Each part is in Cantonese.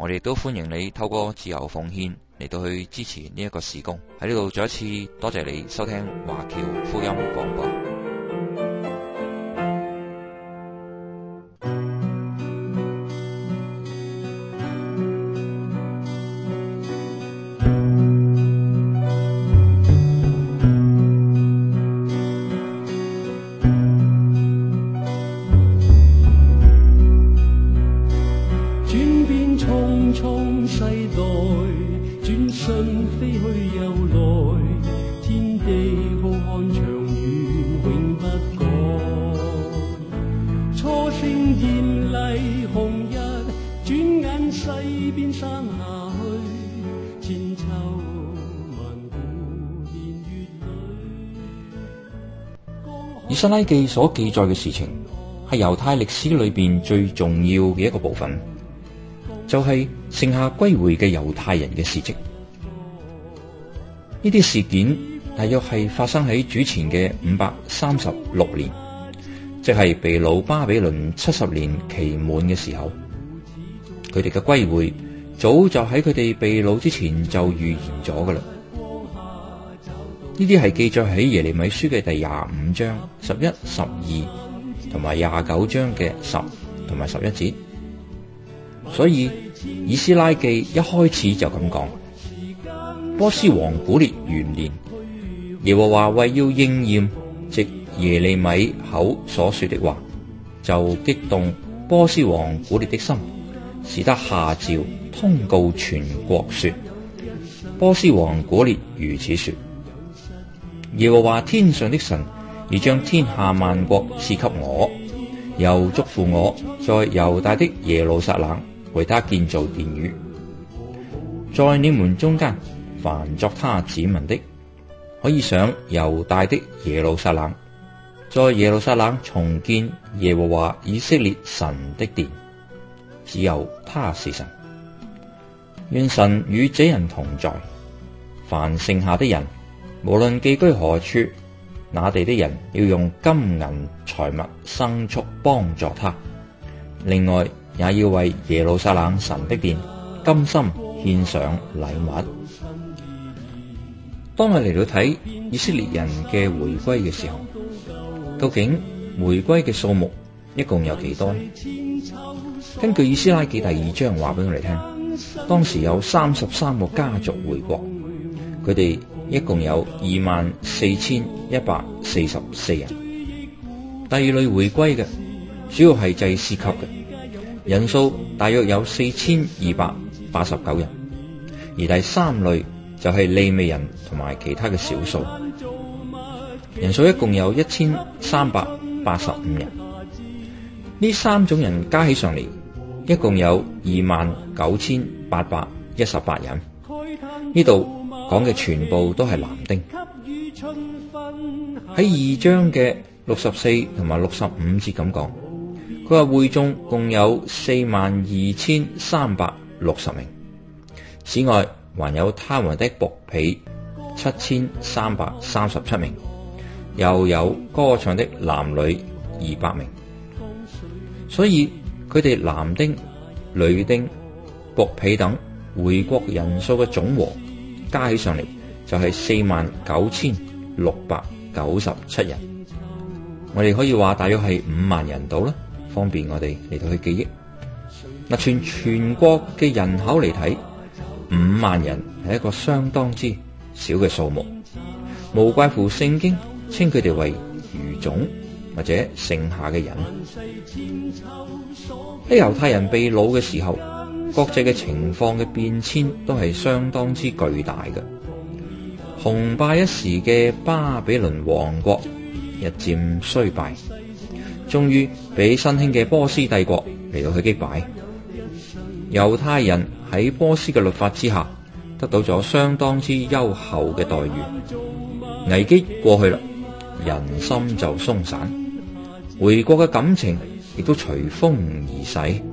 我哋都歡迎你透過自由奉獻嚟到去支持呢一個事工，喺呢度再一次多謝你收聽華僑福音廣播。以《斯拉記》所記載嘅事情，係猶太歷史裏邊最重要嘅一個部分。就係剩下歸回嘅猶太人嘅事迹，呢啲事件大約係發生喺主前嘅五百三十六年，即係被擄巴比倫七十年期滿嘅時候，佢哋嘅歸回早就喺佢哋被擄之前就預言咗㗎喇。呢啲係記載喺耶利米書嘅第廿五章十一、十二同埋廿九章嘅十同埋十一節。所以以斯拉記一開始就咁講，波斯王古列元年，耶和華為要應驗藉耶利米口所說的話，就激動波斯王古列的心，使得下詔通告全國說：波斯王古列如此說，耶和華天上的神已將天下萬國賜給我。又囑咐我在猶大的耶路撒冷為他建造殿宇，在你們中間凡作他子民的，可以上猶大的耶路撒冷，在耶路撒冷重建耶和華以色列神的殿，只有他是神，願神與這人同在。凡剩下的人，無論寄居何處。那地的人要用金銀財物牲畜幫助他，另外也要為耶路撒冷神的殿甘心獻上禮物。當我嚟到睇以色列人嘅回歸嘅時候，究竟回歸嘅數目一共有幾多？根據《以斯拉記》第二章話俾我哋聽，當時有三十三個家族回國，佢哋。一共有二萬四千一百四十四人，第二類回歸嘅主要係祭司級嘅人數大約有四千二百八十九人，而第三類就係利未人同埋其他嘅少數人數一共有一千三百八十五人，呢三種人加起上嚟一共有二萬九千八百一十八人，呢度。講嘅全部都係男丁，喺二章嘅六十四同埋六十五節咁講，佢話會眾共有四萬二千三百六十名。此外，還有他們的僕婢七千三百三十七名，又有歌唱的男女二百名。所以佢哋男丁、女丁、僕婢等回國人數嘅總和。加起上嚟就係、是、四萬九千六百九十七人，我哋可以話大約係五萬人度啦，方便我哋嚟到去記憶。嗱，全全國嘅人口嚟睇，五萬人係一個相當之少嘅數目，無怪乎聖經稱佢哋為餘種或者剩下嘅人。喺猶太人被擄嘅時候。國際嘅情況嘅變遷都係相當之巨大嘅，雄霸一時嘅巴比倫王國日漸衰敗，終於俾新興嘅波斯帝國嚟到佢擊敗。猶太人喺波斯嘅律法之下，得到咗相當之優厚嘅待遇。危機過去啦，人心就鬆散，回國嘅感情亦都隨風而逝。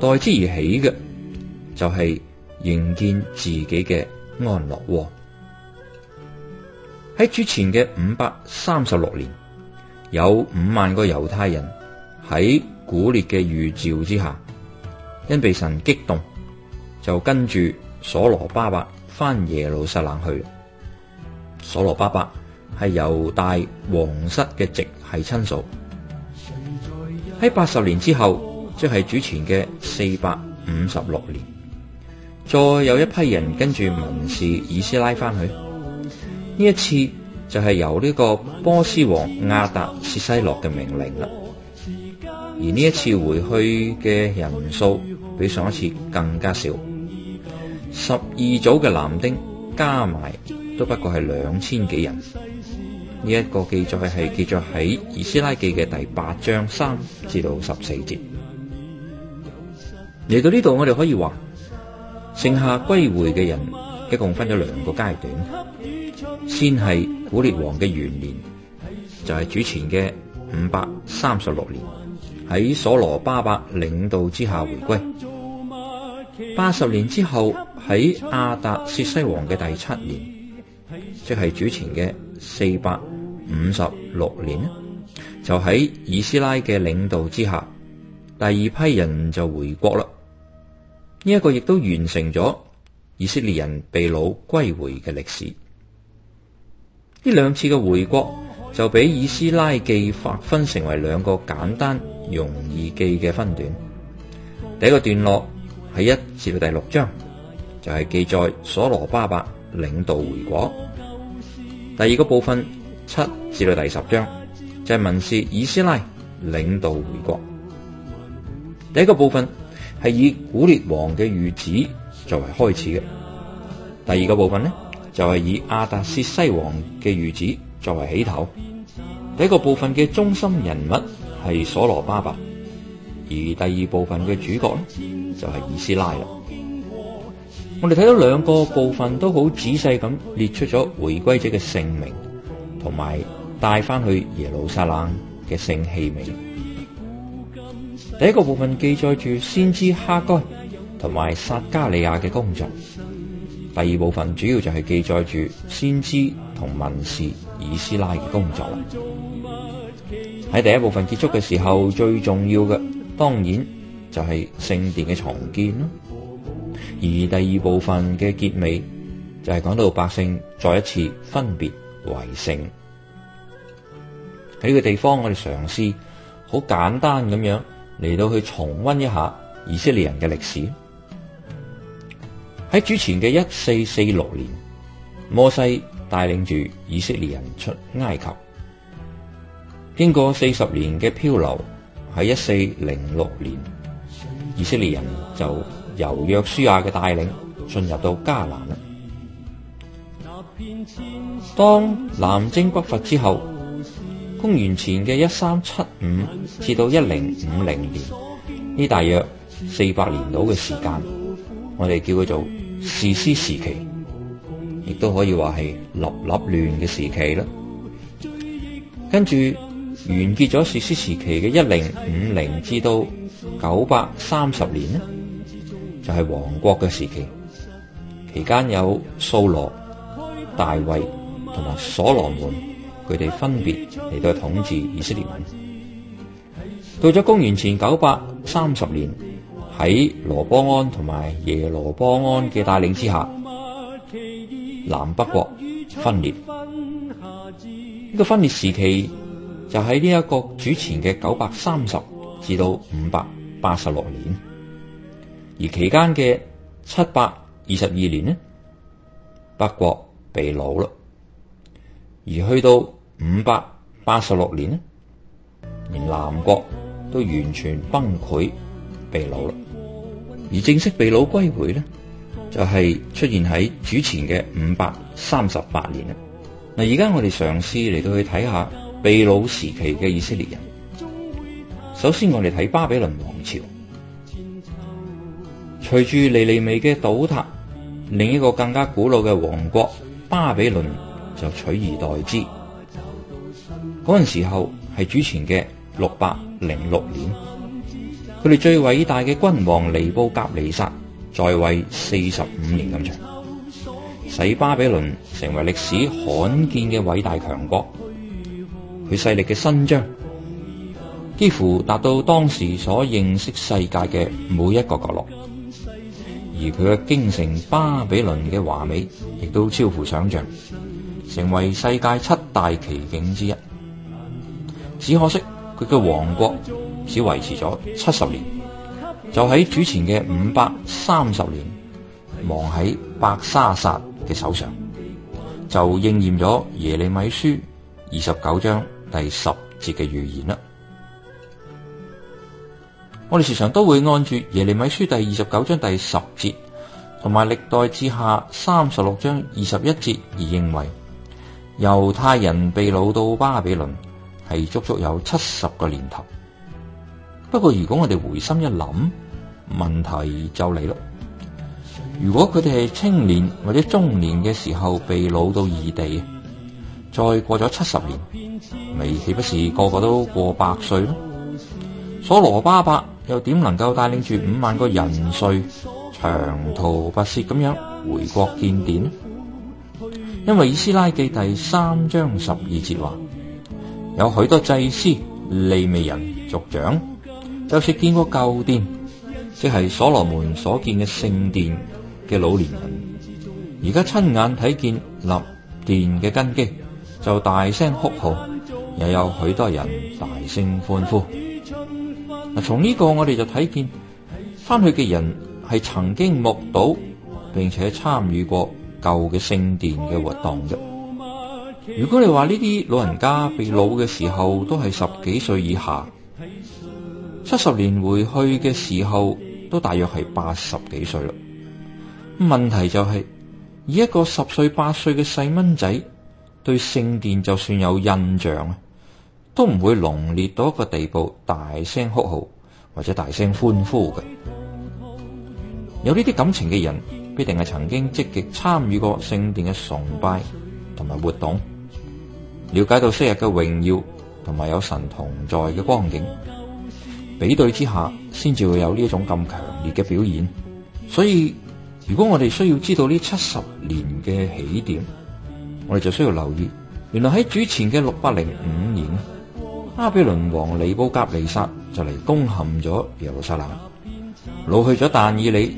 代之而起嘅就係、是、營建自己嘅安樂窩。喺主前嘅五百三十六年，有五萬個猶太人喺古列嘅預兆之下，因被神激動，就跟住所羅巴伯翻耶路撒冷去。所羅巴伯係猶大皇室嘅直系親屬。喺八十年之後。即係主前嘅四百五十六年，再有一批人跟住文士以斯拉翻去。呢一次就係由呢個波斯王亞達薛西洛嘅命令啦。而呢一次回去嘅人數比上一次更加少，十二組嘅男丁加埋都不過係兩千幾人。呢、這、一個記載係記載喺《以斯拉記》嘅第八章三至到十四節。嚟到呢度，我哋可以話，剩下歸回嘅人，一共分咗兩個階段。先係古列王嘅元年，就係主前嘅五百三十六年，喺所羅巴伯領導之下回歸。八十年之後，喺阿達薛西王嘅第七年，即係主前嘅四百五十六年，就喺以斯拉嘅領導之下，第二批人就回國啦。呢一個亦都完成咗以色列人被擄歸回嘅歷史。呢兩次嘅回國就俾以斯拉記劃分成為兩個簡單容易記嘅分段。第一個段落係一至到第六章，就係、是、記載所羅巴伯領導回國；第二個部分七至到第十章，就係、是、文士以斯拉領導回國。第一個部分。係以古列王嘅御子作為開始嘅，第二個部分咧就係、是、以亞達薛西王嘅御子作為起頭。第一個部分嘅中心人物係所羅巴伯，而第二部分嘅主角呢就係、是、以斯拉啦。我哋睇到兩個部分都好仔細咁列出咗回歸者嘅姓名，同埋帶翻去耶路撒冷嘅聖器名。第一個部分記載住先知哈該同埋撒加利亞嘅工作，第二部分主要就係記載住先知同文士以斯拉嘅工作。喺第一部分結束嘅時候，最重要嘅當然就係聖殿嘅重建。而第二部分嘅結尾就係講到百姓再一次分別為聖。喺呢個地方，我哋嘗試好簡單咁樣。嚟到去重溫一下以色列人嘅歷史。喺主前嘅一四四六年，摩西帶領住以色列人出埃及，經過四十年嘅漂流，喺一四零六年，以色列人就由約書亞嘅帶領，進入到迦南啦。當南征北伐之後。公元前嘅一三七五至到一零五零年，呢大約四百年度嘅時間，我哋叫佢做士師時期，亦都可以話係立立亂嘅時期啦。跟住完結咗士師時期嘅一零五零至到九百三十年呢，就係王國嘅時期，時期，就是期間有掃羅、大衛同埋所羅門。佢哋分別嚟到去統治以色列民。到咗公元前九百三十年，喺羅波安同埋耶羅波安嘅帶領之下，南北國分裂。呢、這個分裂時期就喺呢一個主前嘅九百三十至到五百八十六年，而期間嘅七百二十二年呢，北國被擄啦，而去到。五百八十六年咧，連南國都完全崩潰被擄啦。而正式被擄歸回呢就係、是、出現喺主前嘅五百三十八年啦。嗱，而家我哋嘗試嚟到去睇下被擄時期嘅以色列人。首先，我哋睇巴比倫王朝，隨住尼尼微嘅倒塌，另一個更加古老嘅王國巴比倫就取而代之。嗰陣時候係主前嘅六百零六年，佢哋最偉大嘅君王尼布甲尼撒在位四十五年咁長，使巴比倫成為歷史罕見嘅偉大強國。佢勢力嘅伸張幾乎達到當時所認識世界嘅每一個角落，而佢嘅京城巴比倫嘅華美亦都超乎想象，成為世界七大奇景之一。只可惜佢嘅王國只維持咗七十年，就喺主前嘅五百三十年亡喺伯沙撒嘅手上，就應驗咗耶利米書二十九章第十節嘅預言啦。我哋時常都會按住耶利米書第二十九章第十節，同埋歷代志下三十六章二十一節而認為猶太人被擄到巴比倫。係足足有七十個年頭，不過如果我哋回心一諗，問題就嚟咯。如果佢哋係青年或者中年嘅時候被擄到異地，再過咗七十年，咪豈不是個個都過百歲咯？所羅巴伯又點能夠帶領住五萬個人瑞長途跋涉咁樣回國獻殿，呢？因為《以斯拉記》第三章十二節話。有許多祭司、利未人、族長，就是見過舊殿，即係所羅門所建嘅聖殿嘅老年人，而家親眼睇見立殿嘅根基，就大聲哭號，又有許多人大聲歡呼。嗱，從呢個我哋就睇見，翻去嘅人係曾經目睹並且參與過舊嘅聖殿嘅活動嘅。如果你話呢啲老人家被擄嘅時候都係十幾歲以下，七十年回去嘅時候都大約係八十幾歲啦。問題就係、是、以一個十歲八歲嘅細蚊仔對聖殿就算有印象咧，都唔會濃烈到一個地步大聲，大聲哭號或者大聲歡呼嘅。有呢啲感情嘅人必定係曾經積極參與過聖殿嘅崇拜同埋活動。了解到昔日嘅榮耀同埋有神同在嘅光景，比對之下先至會有呢一種咁強烈嘅表演。所以，如果我哋需要知道呢七十年嘅起點，我哋就需要留意，原來喺主前嘅六百零五年，巴比倫王尼布甲尼撒就嚟攻陷咗耶路撒冷，老去咗但以理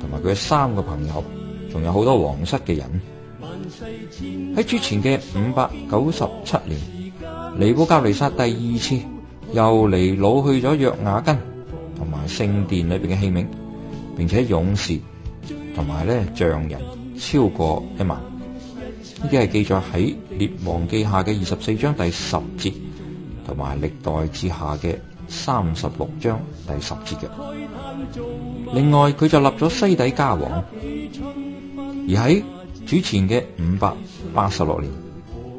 同埋佢嘅三個朋友，仲有好多皇室嘅人。喺之前嘅五百九十七年，尼布甲尼撒第二次又嚟擄去咗約雅斤同埋聖殿裏邊嘅器皿，並且勇士同埋咧匠人超過一萬，呢啲係記載喺《列王記下》嘅二十四章第十節，同埋《歷代志下》嘅三十六章第十節嘅。另外佢就立咗西底家王，而喺。主前嘅五百八十六年，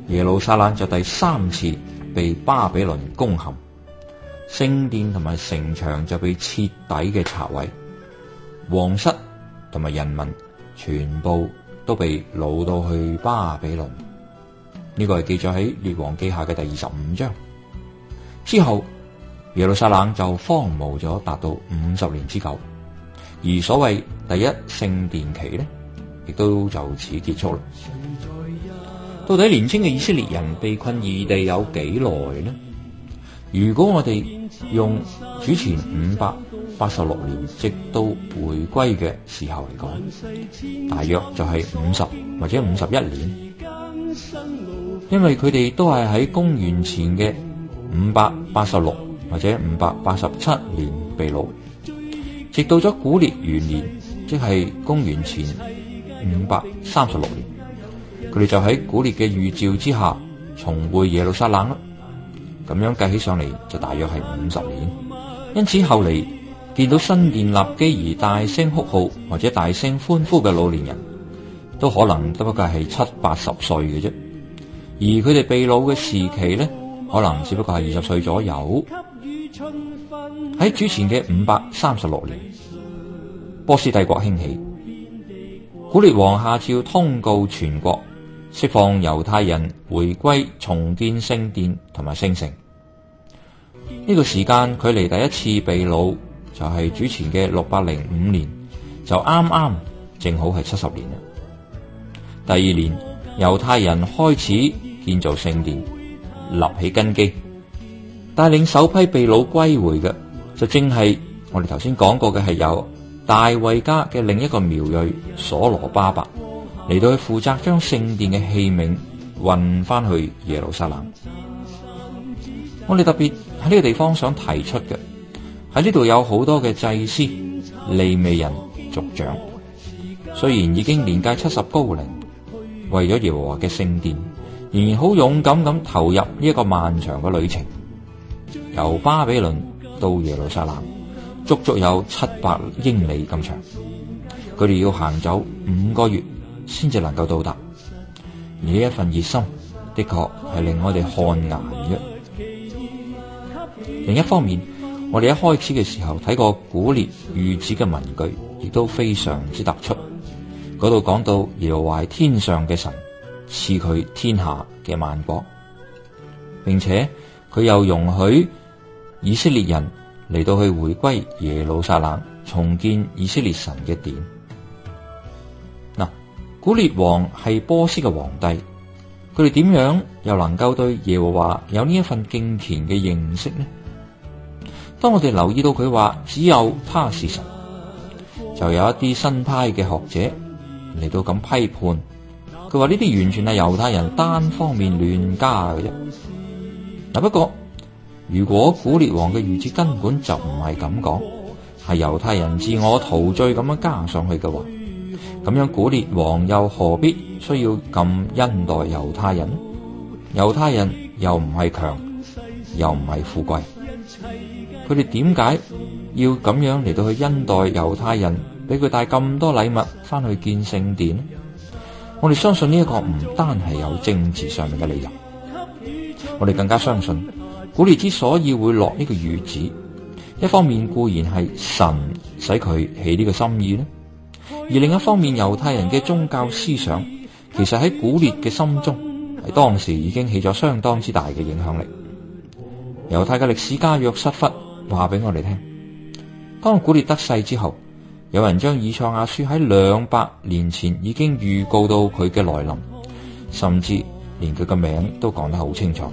耶路撒冷就第三次被巴比倫攻陷，聖殿同埋城牆就被徹底嘅拆毀，皇室同埋人民全部都被擄到去巴比倫。呢、這個係記載喺《列王記下》嘅第二十五章。之後，耶路撒冷就荒蕪咗達到五十年之久。而所謂第一聖殿期咧？亦都就此結束啦。到底年青嘅以色列人被困異地有幾耐呢？如果我哋用主前五百八十六年直到回歸嘅時候嚟講，大約就係五十或者五十一年，因為佢哋都係喺公元前嘅五百八十六或者五百八十七年被擄，直到咗古列元年，即係公元前，五百三十六年，佢哋就喺古列嘅預兆之下，重回耶路撒冷啦。咁樣計起上嚟就大約係五十年。因此後嚟見到新殿立基而大聲哭號或者大聲歡呼嘅老年人都可能得，不過係七八十歲嘅啫，而佢哋被擄嘅時期咧，可能只不過係二十歲左右。喺主前嘅五百三十六年，波斯帝國興起。古列王下詔通告全國，釋放猶太人回歸重建聖殿同埋聖城。呢、這個時間距離第一次被擄就係、是、主前嘅六百零五年，就啱啱正好係七十年。第二年，猶太人開始建造聖殿，立起根基，帶領首批被擄歸回嘅，就正係我哋頭先講過嘅係有。大衛家嘅另一個苗裔所羅巴伯嚟到去負責將聖殿嘅器皿運翻去耶路撒冷。我哋特別喺呢個地方想提出嘅，喺呢度有好多嘅祭司、利未人、族長，雖然已經年屆七十高齡，為咗耶和華嘅聖殿，仍然好勇敢咁投入呢一個漫長嘅旅程，由巴比倫到耶路撒冷。足足有七百英里咁長，佢哋要行走，走五個月先至能夠到達。而呢一份熱心的確係令我哋汗顏嘅。另一方面，我哋一開始嘅時候睇過古列御子嘅文具亦都非常之突出。嗰度講到耶和華天上嘅神賜佢天下嘅萬國，並且佢又容許以色列人。嚟到去回歸耶路撒冷，重建以色列神嘅殿。嗱、呃，古列王係波斯嘅皇帝，佢哋點樣又能夠對耶和華有呢一份敬虔嘅認識呢？當我哋留意到佢話只有他是神，就有一啲新派嘅學者嚟到咁批判，佢話呢啲完全係猶太人單方面亂加嘅啫。嗱，不過。如果古列王嘅諭旨根本就唔係咁講，係猶太人自我陶醉咁樣加上去嘅話，咁樣古列王又何必需要咁恩待猶太人？猶太人又唔係強，又唔係富貴，佢哋點解要咁樣嚟到去恩待猶太人，俾佢帶咁多禮物翻去見聖殿？我哋相信呢一個唔單係有政治上面嘅理由，我哋更加相信。古列之所以會落呢個諭旨，一方面固然係神使佢起呢個心意咧，而另一方面猶太人嘅宗教思想，其實喺古列嘅心中喺當時已經起咗相當之大嘅影響力。猶太嘅歷史家約瑟夫話俾我哋聽，當古列得勢之後，有人將以賽亞書喺兩百年前已經預告到佢嘅來臨，甚至連佢嘅名都講得好清楚。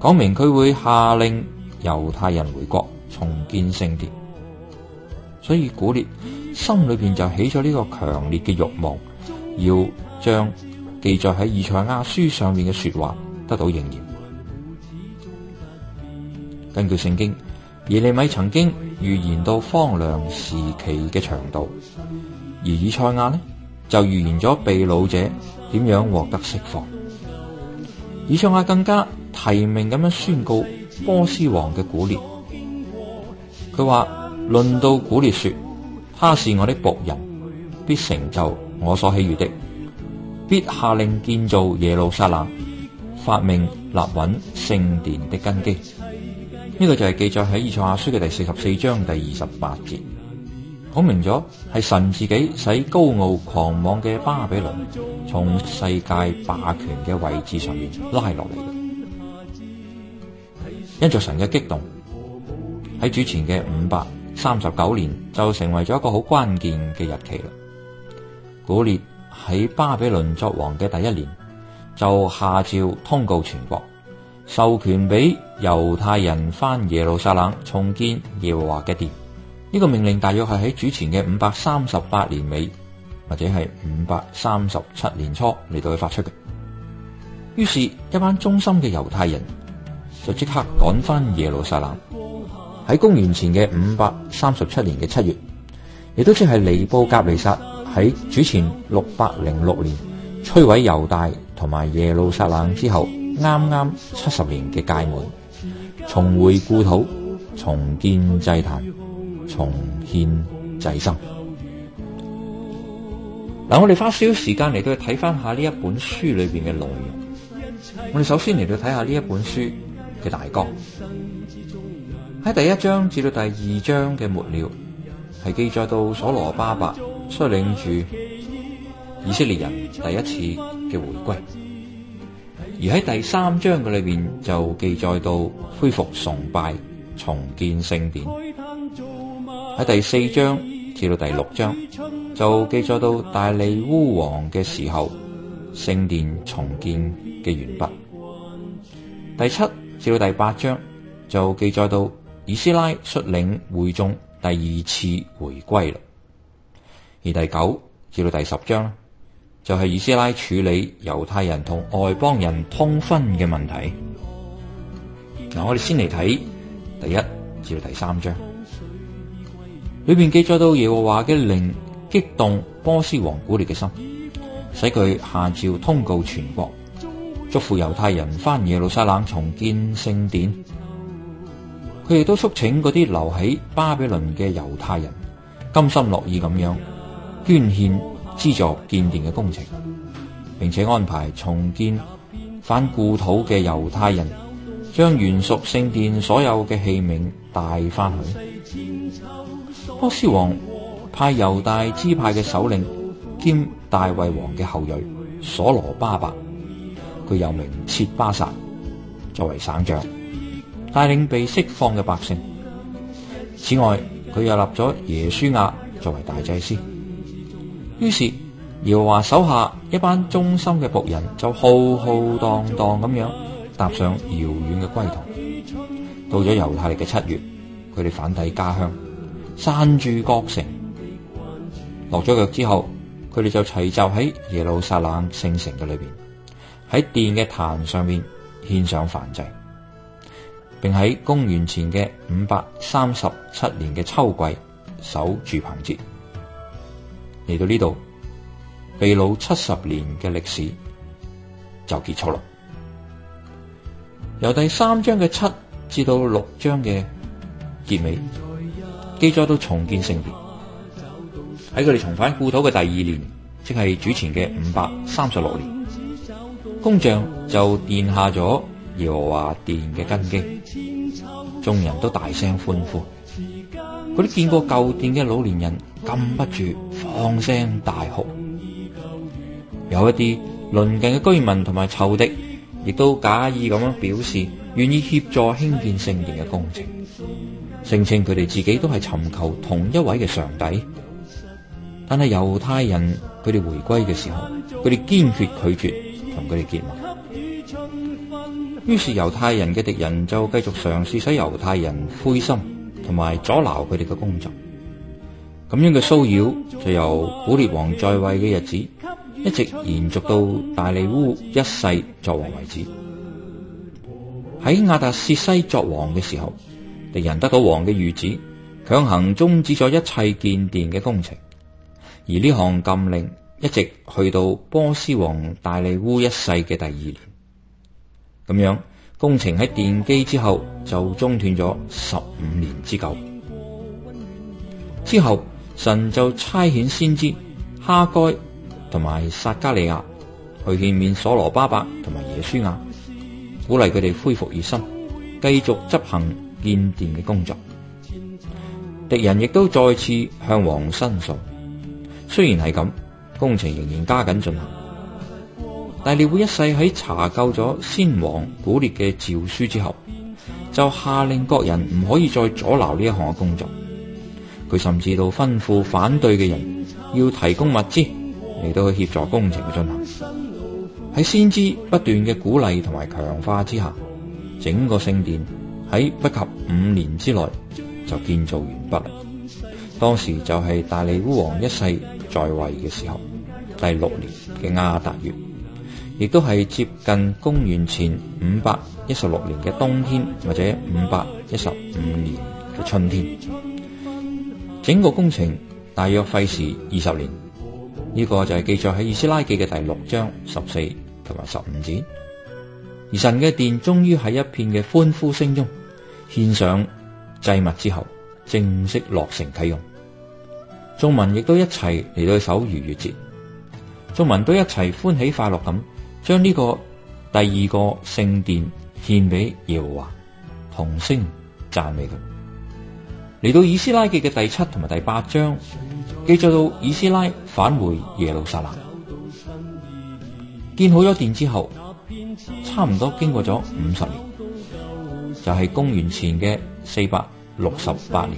講明佢會下令猶太人回國重建聖殿，所以古列心裏邊就起咗呢個強烈嘅欲望，要將記載喺以賽亞書上面嘅說話得到應驗。根據聖經，耶利米曾經預言到荒涼時期嘅長度，而以賽亞呢就預言咗被擄者點樣獲得釋放。以賽亞更加。提名咁樣宣告波斯王嘅古列，佢話論到古列說，他是我的僕人，必成就我所喜悅的，必下令建造耶路撒冷，發命立穩聖殿的根基。呢個就係記載喺《以賽亞書》嘅第四十四章第二十八節。講明咗，係神自己使高傲狂妄嘅巴比倫從世界霸權嘅位置上面拉落嚟。因着神嘅激動，喺主前嘅五百三十九年就成為咗一個好關鍵嘅日期啦。古列喺巴比倫作王嘅第一年，就下詔通告全國，授權俾猶太人翻耶路撒冷重建耶和華嘅殿。呢、呢個命令大約係喺主前嘅五百三十八年尾，或者係五百三十七年初嚟到佢發出嘅。於是，一班忠心嘅猶太人。就即刻趕翻耶路撒冷。喺公元前嘅五百三十七年嘅七月，亦都即係尼布甲尼撒喺主前六百零六年摧毀猶大同埋耶路撒冷之後，啱啱七十年嘅屆滿，重回故土，重建祭壇，重建祭牲。嗱，我哋花少少時間嚟到去睇翻下呢一本書裏邊嘅內容。我哋首先嚟到睇下呢一本書。大綱喺第一章至到第二章嘅末了，係記載到所羅巴伯率領住以色列人第一次嘅回歸；而喺第三章嘅裏邊就記載到恢復崇拜、重建聖殿。喺第四章至到第六章就記載到大利烏王嘅時候聖殿重建嘅完畢。第七至到第八章就記載到以斯拉率領會眾第二次回歸啦，而第九至到第十章就係、是、以斯拉處理猶太人同外邦人通婚嘅問題。嗱，我哋先嚟睇第一至到第三章，裏邊記載到耶和華嘅靈激動波斯王古列嘅心，使佢下詔通告全國。祝福猶太人翻耶路撒冷重建聖殿，佢哋都促請嗰啲留喺巴比倫嘅猶太人，甘心樂意咁樣捐獻資助建殿嘅工程，並且安排重建返故土嘅猶太人，將原屬聖殿所有嘅器皿帶翻去。波斯王派猶大支派嘅首領兼大衛王嘅後裔所羅巴伯。佢又名設巴薩，作為省長，帶領被釋放嘅百姓。此外，佢又立咗耶書亞作為大祭司。於是，耶和華手下一班忠心嘅僕人就浩浩蕩蕩咁樣踏上遙遠嘅歸途。到咗猶太曆嘅七月，佢哋返抵家鄉，散住各城。落咗腳之後，佢哋就齊集喺耶路撒冷聖城嘅裏邊。喺殿嘅壇上面獻上燔祭，並喺公元前嘅五百三十七年嘅秋季守住棚節。嚟到呢度，被擄七十年嘅歷史就結束咯。由第三章嘅七至到六章嘅結尾，記載到重建聖殿，喺佢哋重返故土嘅第二年，即係主前嘅五百三十六年。工匠就奠下咗耶和華殿嘅根基，眾人都大聲歡呼。嗰啲見過舊殿嘅老年人禁不住放聲大哭。有一啲鄰近嘅居民同埋仇敵，亦都假意咁樣表示願意協助興建聖殿嘅工程，聲稱佢哋自己都係尋求同一位嘅上帝。但係猶太人佢哋回歸嘅時候，佢哋堅決拒絕。同佢哋結盟，於是猶太人嘅敵人就繼續嘗試使猶太人灰心，同埋阻撓佢哋嘅工作。咁樣嘅騷擾就由古列王在位嘅日子，一直延續到大利烏一世作王為止。喺亞達薛西作王嘅時候，敵人得到王嘅御旨，強行終止咗一切建殿嘅工程，而呢項禁令。一直去到波斯王大利烏一世嘅第二年，咁樣工程喺奠基之後就中斷咗十五年之久。之後神就差遣先知哈蓋同埋撒迦利亞去見面所羅巴伯同埋耶書亞，鼓勵佢哋恢復熱心，繼續執行建殿嘅工作。敵人亦都再次向王申訴，雖然係咁。工程仍然加緊進行，大利烏一世喺查究咗先王古列嘅詔書之後，就下令各人唔可以再阻撓呢一項嘅工作。佢甚至到吩咐反對嘅人要提供物資嚟到去協助工程嘅進行。喺先知不斷嘅鼓勵同埋強化之下，整個聖殿喺不及五年之內就建造完畢。當時就係大利烏王一世。在位嘅時候，第六年嘅亞達月，亦都係接近公元前五百一十六年嘅冬天，或者五百一十五年嘅春天。整個工程大約費時二十年，呢、這個就係記載喺《以斯拉記》嘅第六章十四同埋十五節。而神嘅殿終於喺一片嘅歡呼聲中獻上祭物之後，正式落成啟用。眾民亦都一齊嚟到守逾越節，眾民都一齊歡喜快樂咁，將呢個第二個聖殿獻俾耶和華，同聲讚美佢。嚟到以斯拉記嘅第七同埋第八章，記載到以斯拉返回耶路撒冷，建好咗殿之後，差唔多經過咗五十年，就係、是、公元前嘅四百。六十八年，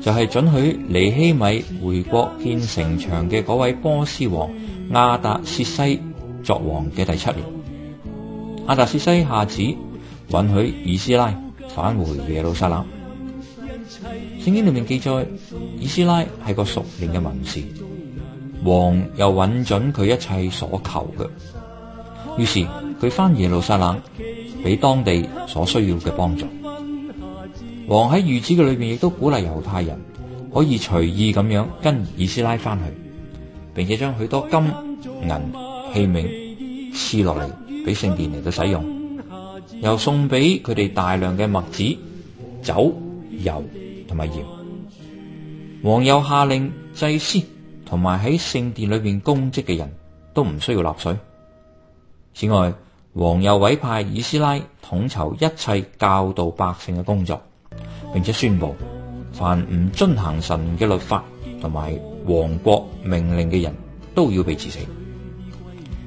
就係、是、准許尼希米回國建城牆嘅嗰位波斯王亞達薛西作王嘅第七年。亞達薛西下旨允許以斯拉返回耶路撒冷。聖經裏面記載，以斯拉係個熟練嘅文士，王又允准佢一切所求嘅。於是佢翻耶路撒冷，俾當地所需要嘅幫助。王喺諭旨嘅裏邊，亦都鼓勵猶太人可以隨意咁樣跟以斯拉翻去，並且將許多金銀器皿賜落嚟俾聖殿嚟到使用，又送俾佢哋大量嘅麥子、酒、油同埋鹽。王又下令祭司同埋喺聖殿裏邊供職嘅人都唔需要納稅。此外，王又委派以斯拉統籌一切教導百姓嘅工作。並且宣佈，凡唔遵行神嘅律法同埋王國命令嘅人都要被治死。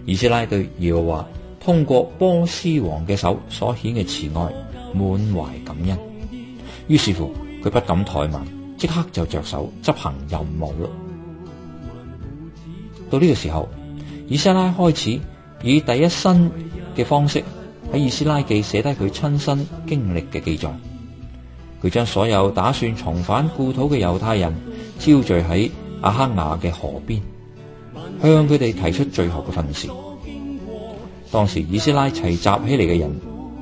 以斯拉對耶和華通過波斯王嘅手所顯嘅慈愛滿懷感恩，於是乎佢不敢怠慢，即刻就着手執行任務啦。到呢個時候，以斯拉開始以第一身嘅方式喺《以斯拉記》寫低佢親身經歷嘅記載。佢將所有打算重返故土嘅猶太人招聚喺阿克雅嘅河邊，向佢哋提出最後嘅吩咐。當時以斯拉齊集起嚟嘅人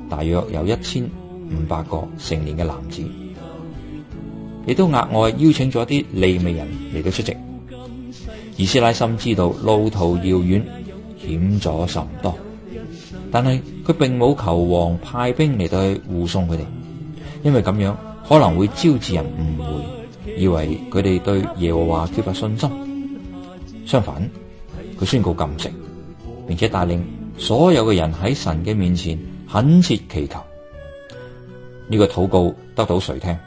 大約有一千五百個成年嘅男子，亦都額外邀請咗啲利未人嚟到出席。以斯拉深知道路途遙遠，險阻甚多，但係佢並冇求王派兵嚟到去護送佢哋，因為咁樣。可能會招致人誤會，以為佢哋對耶和華缺乏信心。相反，佢宣告禁食，並且帶領所有嘅人喺神嘅面前懇切祈求。呢、這個禱告得到垂聽。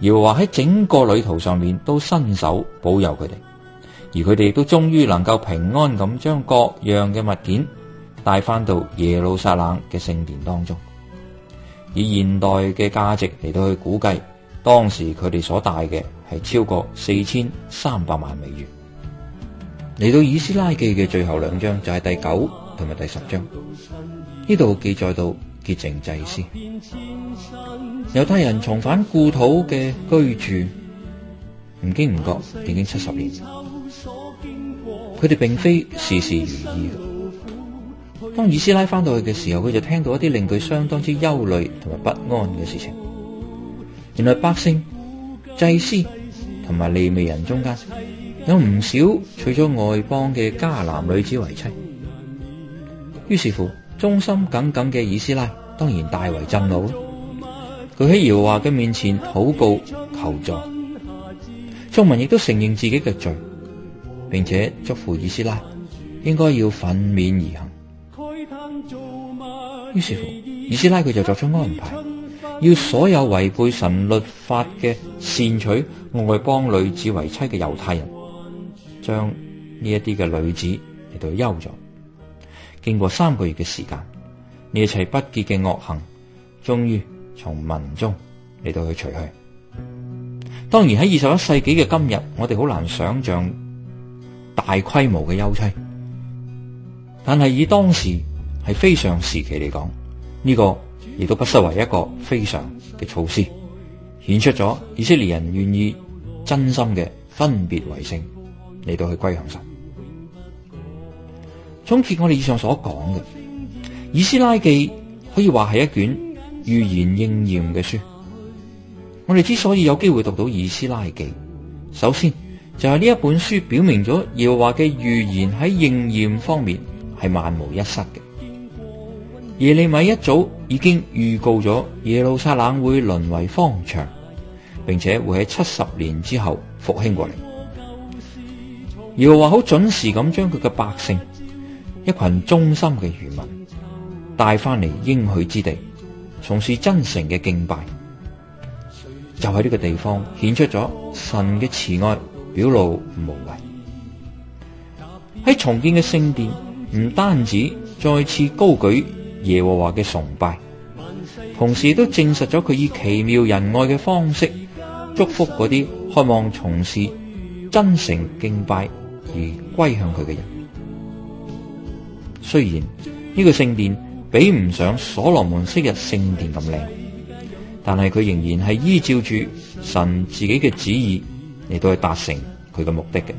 耶和華喺整個旅途上面都伸手保佑佢哋，而佢哋都終於能夠平安咁將各樣嘅物件帶翻到耶路撒冷嘅聖殿當中。以現代嘅價值嚟到去估計，當時佢哋所帶嘅係超過四千三百萬美元。嚟到《以斯拉記》嘅最後兩章就係第九同埋第十章，呢度記載到潔淨祭司猶太人重返故土嘅居住，唔經唔覺已經七十年，佢哋並非事事如意。當以斯拉翻到去嘅時候，佢就聽到一啲令佢相當之憂慮同埋不安嘅事情。原來百姓、祭司同埋利未人中間有唔少娶咗外邦嘅迦南女子為妻。於是乎，忠心耿耿嘅以斯拉當然大為震怒，佢喺耶和華嘅面前禱告求助。眾民亦都承認自己嘅罪，並且祝福以斯拉應該要奮勉而行。於是乎，以斯拉佢就作出安排，要所有違背神律法嘅，擅取外邦女子為妻嘅猶太人，將呢一啲嘅女子嚟到休咗。經過三個月嘅時間，呢一切不潔嘅惡行，終於從民中嚟到去除去。當然喺二十一世紀嘅今日，我哋好難想象大規模嘅休妻，但係以當時。係非常時期嚟講，呢個亦都不失為一個非常嘅措施，顯出咗以色列人願意真心嘅分別為聖嚟到去歸向神。總結我哋以上所講嘅《以斯拉記》可以話係一卷預言應驗嘅書。我哋之所以有機會讀到《以斯拉記》，首先就係呢一本書表明咗耶和華嘅預言喺應驗方面係萬無一失嘅。耶利米一早已經預告咗耶路撒冷會淪為荒場，並且會喺七十年之後復興過嚟，又話好準時咁將佢嘅百姓，一群忠心嘅餘民帶翻嚟應許之地，從事真誠嘅敬拜，就喺呢個地方顯出咗神嘅慈愛，表露無遺。喺重建嘅聖殿，唔單止再次高舉，耶和華嘅崇拜，同時都證實咗佢以奇妙仁愛嘅方式祝福嗰啲渴望從事真誠敬拜而歸向佢嘅人。雖然呢個聖殿比唔上所羅門昔日聖殿咁靚，但係佢仍然係依照住神自己嘅旨意嚟到去達成佢嘅目的嘅。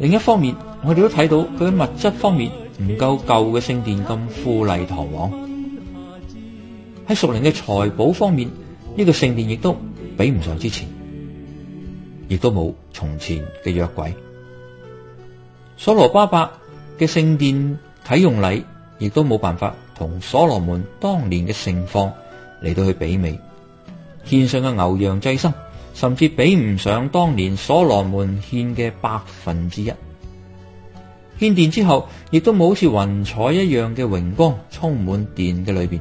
另一方面，我哋都睇到佢喺物質方面。唔夠舊嘅聖殿咁富麗堂皇，喺屬靈嘅財寶方面，呢、這個聖殿亦都比唔上之前，亦都冇從前嘅約櫃。所羅巴伯嘅聖殿啟用禮，亦都冇辦法同所羅門當年嘅盛況嚟到去媲美。獻上嘅牛羊祭牲，甚至比唔上當年所羅門獻嘅百分之一。獻殿之後，亦都冇好似雲彩一樣嘅榮光充滿殿嘅裏邊，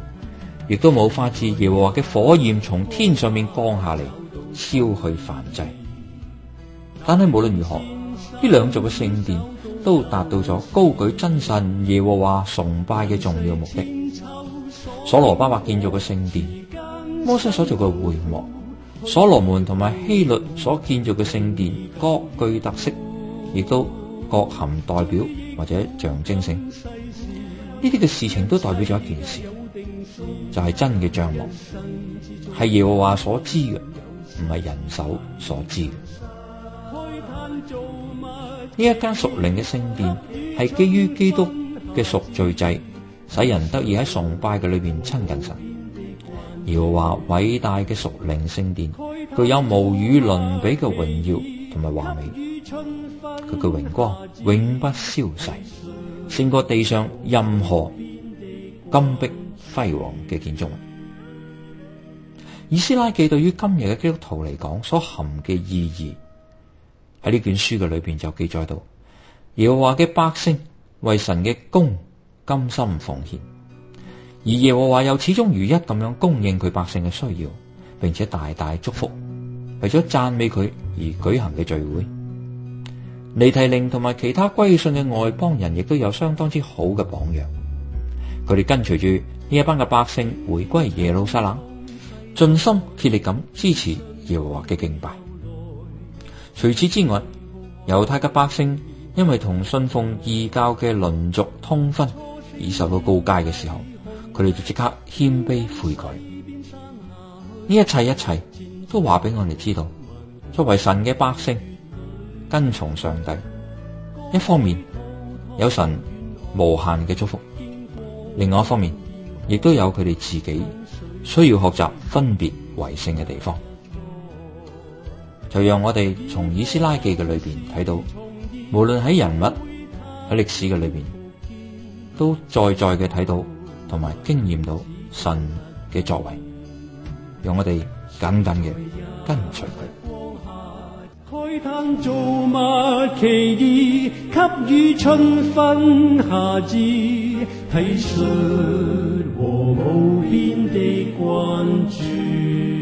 亦都冇發自耶和華嘅火焰從天上面降下嚟燒去燔祭。但係無論如何，呢兩座嘅聖殿都達到咗高舉真神耶和華崇拜嘅重要目的。所羅巴伯建造嘅聖殿，摩西所做嘅會幕，所羅門同埋希律所建造嘅聖殿，各具特色，亦都。各含代表或者象徵性呢啲嘅事情，都代表咗一件事，就係、是、真嘅帳幕，係耶和華所知嘅，唔係人手所知嘅。呢一間屬靈嘅聖殿，係基於基督嘅贖罪祭，使人得以喺崇拜嘅裏邊親近神。耶和華偉大嘅屬靈聖殿，具有無與倫比嘅榮耀同埋華美。佢嘅榮光永不消逝，勝過地上任何金碧輝煌嘅建築物。以斯拉記對於今日嘅基督徒嚟講，所含嘅意義喺呢卷書嘅裏邊就記載到，耶和華嘅百姓為神嘅功甘心奉獻，而耶和華又始終如一咁樣供應佢百姓嘅需要，並且大大祝福為咗讚美佢而舉行嘅聚會。尼提寧同埋其他歸信嘅外邦人，亦都有相當之好嘅榜樣。佢哋跟隨住呢一班嘅百姓回歸耶路撒冷，盡心竭力咁支持耶和華嘅敬拜。除此之外，猶太嘅百姓因為同信奉異教嘅鄰族通婚而受到告誡嘅時候，佢哋就即刻謙卑悔改。呢一切一切都話俾我哋知道，作為神嘅百姓。跟從上帝，一方面有神無限嘅祝福，另外一方面，亦都有佢哋自己需要學習分別為聖嘅地方。就讓我哋從以斯拉記嘅裏邊睇到，無論喺人物喺歷史嘅裏邊，都再再嘅睇到同埋經驗到神嘅作為，讓我哋緊緊嘅跟隨佢。慨嘆造物奇異，給予春分夏至，體恤和無邊的關注。